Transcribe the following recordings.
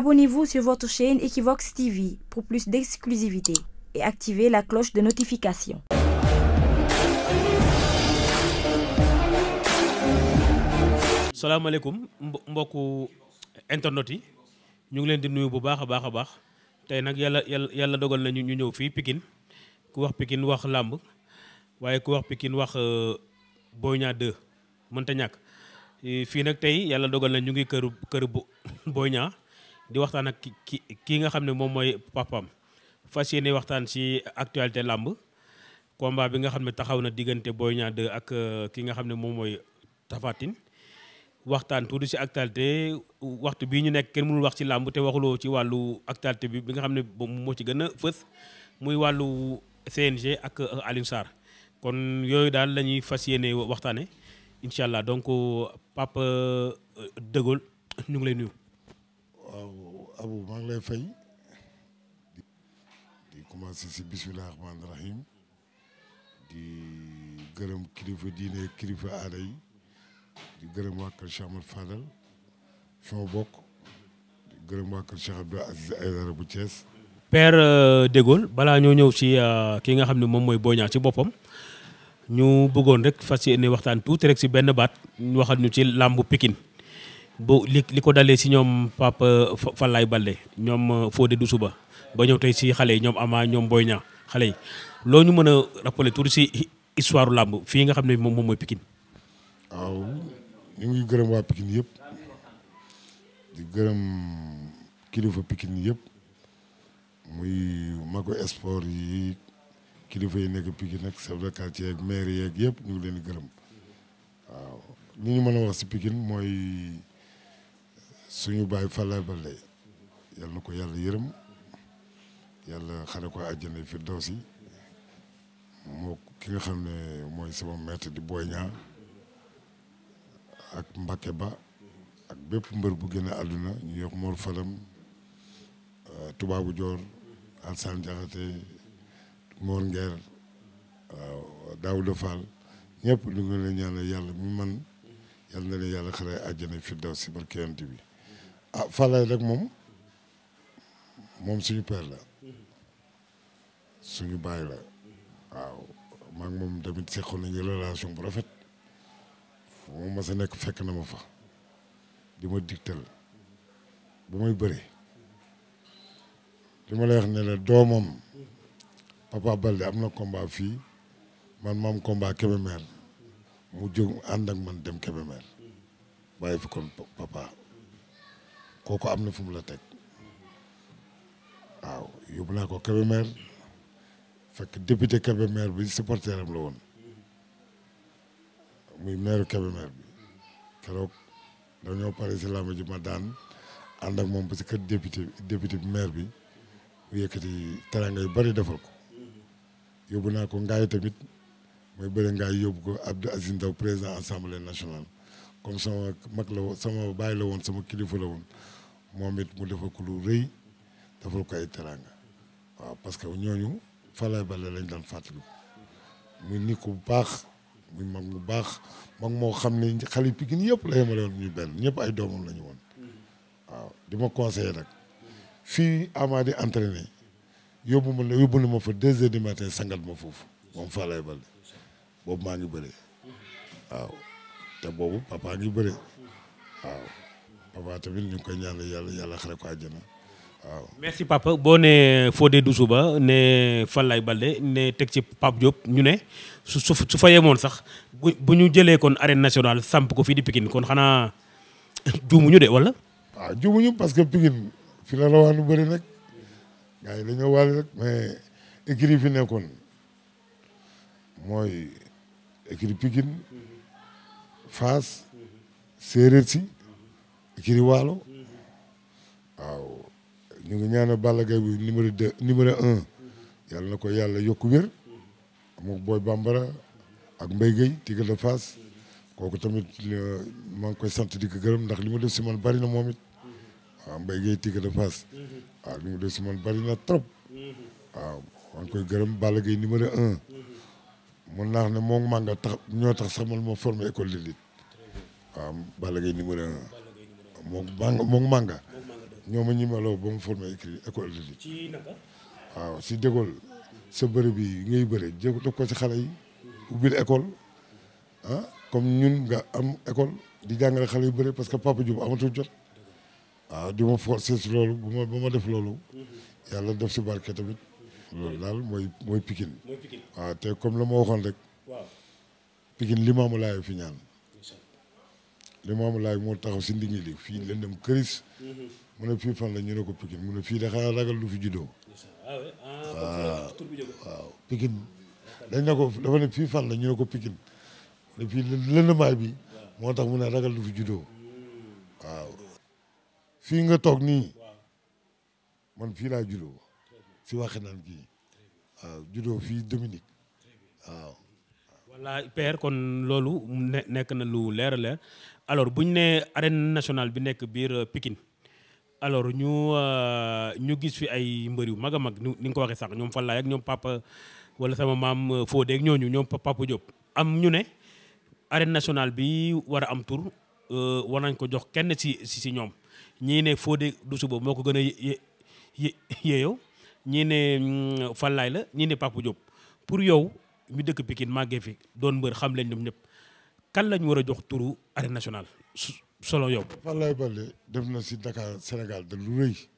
Abonnez-vous sur votre chaîne Equivox TV pour plus d'exclusivité et activez la cloche de notification. salaamaaleykum mbokku internet yi ñu ngi leen di nuyu bu baax a baax a baax tey nag yàlla yàlla dogal nañu ñu ñëw fii Pikine ku wax Pikine wax làmb waaye ku wax Pikine wax euh, Boy Niang 2 mënta ñàkk fii nag tey yàlla dogal na ñu ngi kër këru Boy Niang di waxtaan ak ki ki nga xam ne moom mooy papam fas yéene waxtaan si actualité làmb combat bi nga xam ne taxaw na diggante Boy Niang 2 ak euh, ki nga xam ne moom mooy Tapha waxtaan tuuti si actualité waxtu bii ñu nekk kenn mënul wax ci làmb te waxuloo ci wàllu actualité bi bi nga xam ne moo ci gën a fës muy wàllu CNG ak euh, alinsar kon yooyu daal la ñuy fas yéene waxtaane incha allah donc euh, Papa De ñu ngi lay nuyu. waaw abu maa ngi lay fay di commencé si bisimilah rahmaani rahim di gërëm kilifa diine kilifa aada yi di gërëm waa kër Cheikh Ahmad Fadal bokk di gërëm waa kër Cheikh Abdou Aziz Aïdara bu Thiès père euh, de balaa ñoo ñëw ci euh, ki nga xam ne moom mooy Boy Niang ci boppam ñu bëggoon rek fas yéene waxtaan tuuti rek ci benn baat ñu waxal ñu ci làmbu Pikine bu li li ko dalee si ñoom Papa Fallaye Baldé ñoom euh, du suba ba ñëw tey si xale yi ñoom Ama ñoom Boy Niang xale yi loo ñu mën a rappeler tuuti si histoire làmb fii nga xam ne moom moom mooy Pikine. waaw ñu ngi gërëm waa Pikine yëpp kilifa Pikine yëpp muy mago sport yi kilifa yi nekk Pikine ak yëpp ñu ngi leen di gërëm waaw mën a wax si Pikine mooy. suñu baay Falaye Baldé yal na ko yàlla yërëm yàlla xare ko àjjana firdawsi moo ki nga xam ne mooy sama maître di Boy ak Mbacké Ba ak bépp mbër bu génne àdduna ñu yokk Mor Fadam euh, Tubaabu Joor Alsaan Jaxate Mor Ngeer waaw Daawuda Fall ñëpp lu nga leen yàlla mi man yàlla na leen yàlla xare àjjana firdawsi barke yonent bi ah Falaye rek moom moom suñu père la suñu baay la waaw maa ngi moom tamit seqoon nañu relation bu rafet moom ma sa nekk fekk na ma fa di ma digtal bu may bëri li ma lay wax ne la doomam Papa Balde am na combat fii man maam komba Kébémer mu jóg ànd ak man dem Kébémer bàyyi fi kon papa kooku am na fu mu la teg waaw yóbbu naa ko Kébémer fekk député Kébémer bi supporter la woon muy maire Kébémer bi keroog dañoo pare si làmb ma daan ànd ak moom parce que député député bi maire bi mu yëkkati teranga yu bari defal ko yóbbu naa ko ngaay tamit mooy bëri ngaay yóbbu ko Abdou Aziz Ndaw président assemblée national comme sama mag la woon sama baay la woon sama kilifa la moom it mu defal ko lu rëy defal ko ay teraanga waaw parce que ñooñu Falaye Baldé lañ daan fàttaliku muy nit ku baax muy mag mu baax mag moo xam ne xale Pikine yëpp la yemale woon ñu benn ñëpp ay doomam la ñu woon waaw di ma conseillé nag fii Ama di entraîné yóbbu ma yóbbu na ma fa deux heures du matin sangat ma foofu moom Falaye Baldé boobu maa ngi bëree waaw te boobu papa ngi bëre waaw papa tamit ñu ngi koy ñaanal yàlla yàlla xare ko àjjana waaw. merci papa boo nee Fodé Doussouba ne Falaye Balde ne teg ci pap Diop ñu ne su su su fa yemoon sax bu ñu jëlee kon arène nationale samp ko fii di Pikine kon xanaa juumuñu de wala. waaw ah, juumuñu parce que Pikine fi la rawaanu bëri nag gars yi dañoo waale rek mais écurie fi nekkoon mooy écurie Pikine. Faas séeréer si kiri waalo waaw ñu ngi ñaanal Balla Gaye bu numéro deux numéro un yàlla na ko yàlla yokku wér moom Boy Bambara ak Mbaye Gueye Tigre de Fass kooku tamit euh, maa ngi koy sant di ko gërëm ndax li mu def si man bari na moom it waaw Mbaye Gueye Tigre de Fass waaw li man bari na trop waaw maa koy gërëm Balla Gaye numéro un. mun naa wax ne moom Manga tax ñoo tax sax man ma formé école de lutte waaw Balla Gaye numéro moom Manga moom Manga ñoo ma ñimaloo ba mu formé école de lutte waaw si dégool sa bëri bi ngay bëri jë def ko si xale yi ubbil école ah comme ñun nga am école di jàngale xale yu bëri parce que papa Diop amatul jot waaw ah, di ma forcé si loolu ba ma def loolu mm-hmm. yàlla def si barke tamit loolu daal mooy mooy Pikine. waaw te comme la ma waxoon rek. waaw Pikine Limaamu Laay fi ñaan. Limaamu Laay moo taxaw si ndigg li fii lëndëm këris. Mhm. mu ne fii fan la ñu ne ko Pikine mu ne fii dafa ragal fi juddoo. Ah ah, waaw waaw Pikine fan la ñu ko Pikine mu ne bi moo tax mu ne ragal lu fi juddoo mm. waaw. nga toog nii man fii laa juddoo. si Waxinaan gi waaw juddoo fii Dominique waaw. voilà père kon loolu nekk na lu leer leer alors buñ ñu nee arène nationale bi nekk biir euh, pikin alors ñu euh, ñu gis fi ay mbër yu mag a mag ni nga ko waxee sax ñoom Fallaye ak ñoom papa wala sama maam euh, Fodé ak ñooñu ñoom papa Diop. am ñu ne arène national bi war a am tur war nañ ko jox kenn si si ñoom ñii ne Fodé du suba moo ko gën a yeeyoo ñii ne mm, Fallaay la ñii ne Papa Diop pour yow mi dëkk Pikine màggee fi doon mbër xam leen ñoom ñëpp kan lañ war a jox turu arène nationale selon yow. Fallaay Baldé def na si Dakar Sénégal de rëy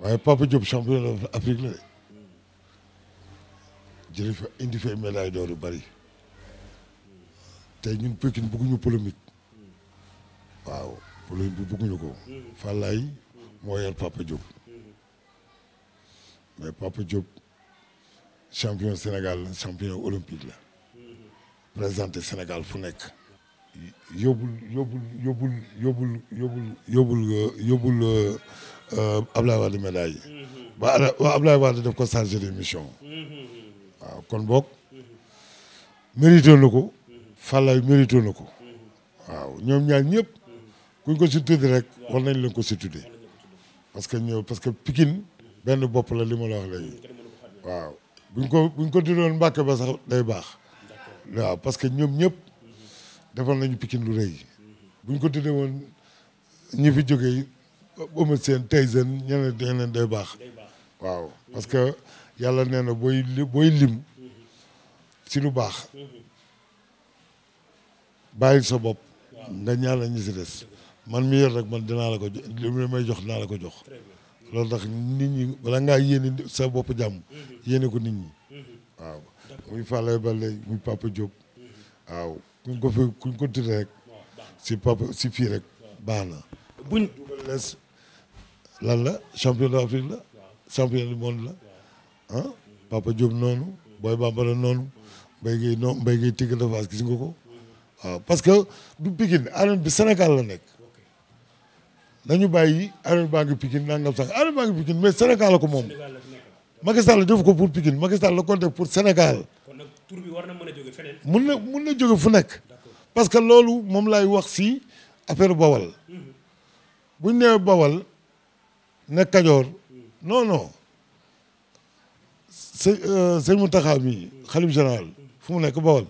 waaye Papa Diop champion de Afrique la de jëlee fa indi fa médaille d'or bari tey ñun Pikine bëgguñu polémique waaw polémique bi bëgguñu ko. Mm. Fallaay moo yar Papa Diop. mais Papa Diop champion Sénégal champion olympique la présenté Sénégal fu nekk yóbbul yóbbul yóbbul yóbbul yóbbul yóbbul yóbbul euh, Ablaye Wade médaille yi mm-hmm. ba waa Ablaye Wade daf ko de mission mm-hmm. kon boog mérité na ko mm-hmm. Fallay mérité ko waaw ñoom ñaar ñëpp kuñ ko si tuddee rek war nañ leen ko si tuddee parce que ñëw parce que benn bopp la li la wax léegi waaw buñ ko buñ ko tuddoon Mbàkke ba sax day baax waaw parce que ñoom ñëpp defal nañu Pikine lu rëy buñ ko tuddee woon ñi fi jógee ba seen tey seen ñeneen ñeneen day baax waaw parce que yàlla nee na booy li booy lim si lu baax bàyyi sa bopp nga la ñi si des man mi yor rek man dinaa la ko jox may jox dinaa la ko jox loolu tax nit ñi bala ngaa yéene sa bopp jàmm mhm. yéene ko nit ñi mhm. waaw muy Falaye Baldé muy Papa Diop mhm. waaw kuñ ko rek si papa si fii rek baax na buñ lees la champion d'Afrique la champion monde la ah Papa Diop noonu Boy Bambara noonu Mbaye Guèye noonu Mbaye Guèye Tigre de Fass gis nga ko waaw parce que du Pikine arène bi senegal la nekk nañu bàyyi arène baa ngi Pikine nangam sax arène baa ngi Pikine mais Sénégal la ko moom Macky Sall def ko pour Pikine Macky Sall la ko def pour Sénégal. kon nag tur bi war na mën a jóge mun na jóge fu nekk. parce que loolu moom laay wax si affaire Bawal. Mhm. bu ñu nee Bawal ne Kajoor mhm. non non së euh, sëñ Mountakha mhm. xalif général fu mu nekk Bawal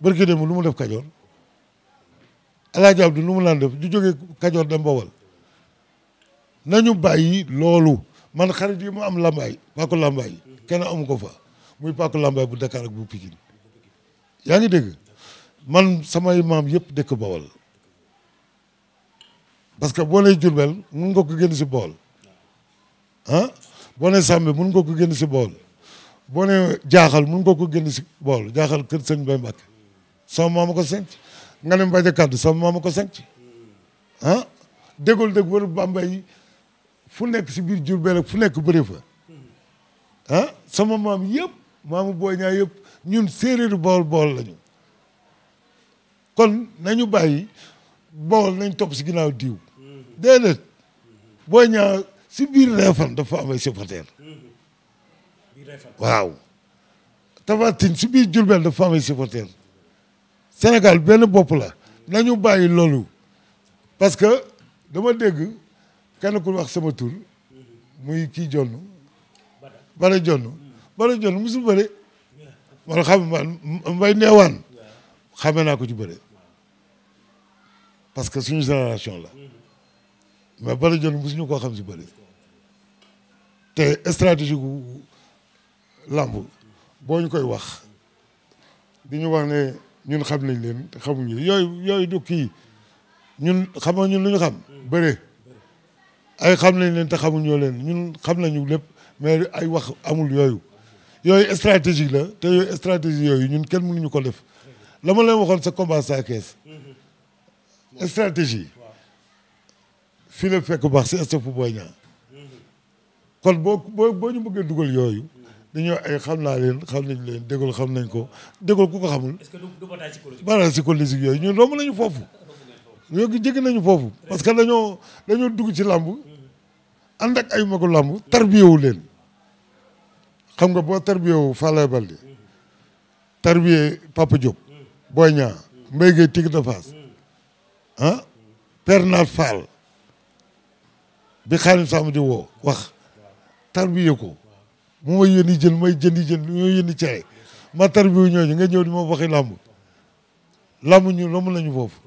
barke dem lu mu def Kajoor El Hadj Abdou lu mu naan def du jógee Kajoor dem Bawal. nañu bàyyi loolu man xarit yi mu am làmbaay pàkku làmbaay kenn amu ko fa muy pàkku làmbaay bu Dakar ak bu Pikine yaa ngi dégg man samay maam yëpp dëkk Bawol parce que boo nee Jurbel mun nga ko si Bawol ah boo nee Sàmbe mun nga ko si Bawol boo nee Jaaxal mun nga ko si Bawol Jaaxal kër sëñ Bay Mbàkke sama maama ko senc nga ne Mbaye Kaddu sama maama ko senc ah déggul dégg wër fu nekk si biir Diourbel ak fu nekk bëri fa ah, sama maam yëpp maamu booy ñaa yëpp ñun séeréeru Bawol Bawol lañu kon nañu bàyyi Bawol nañ topp si ginnaaw diw déedéet booy ñaa si biir Réfane dafa am ay supporter waaw Tapha Tine si biir Diourbel dafa am ay senegal benn bopp la nañu bàyyi loolu parce que dama dégg kenn ku wax sama muy kii jon bare jonn bare jonn musul bëre man xam man mbay neewaan xamee naa ko ci bëre parce que suñu génération la mais bare jonn musuñu koo xam si bëre te stratégie gu làmb koy wax di ñu wax ne ñun xam nañ leen xamuñu yooyu yooyu du kii ñun xamoo ñun lu ñu xam bëre ay xam nañ leen te xamuñoo leen ñun xam nañu lépp mais ay wax amul yooyu yooyu stratégie la te yooyu stratégie yooyu ñun kenn mënuñu ko def la ma leen waxoon sa combat sa kees stratégie fii la fekk baax si stop booy ñaa kon boo boo boo ñu bëggee dugal yooyu ñu ay xam naa leen xam nañ leen déggul xam nañ ko déggul ku ko xamul. est-ce que du du bataille psychologique. bataille yooyu ñun romb nañu foofu. ñoo ngi jéggi nañu foofu parce que dañoo dañoo dugg ci làmb ànd ak ay magu làmb tarbiyewu leen xam nga boo tarbiyewu Falaye Balde tarbiye Papa Diop Boy Niang Mbaye Gueye Tigre de Fass ah Père Nat Fall bi xaalim sàmm di woo wax tarbiye ko mu may yónni jën may jëndi jën may yónni caay ma tarbiyewu ñooñu nga ñëw di ma waxi làmb làmb ñu romb nañu foofu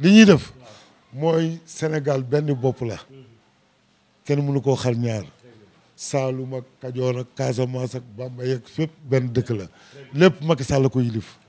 li ñuy def mooy senegal benn bopp la kenn mënu koo xar ñaar Saalum ak Kajoor ak Casamance ak Bambey ak fépp benn dëkk la lépp Macky Sall ko yilif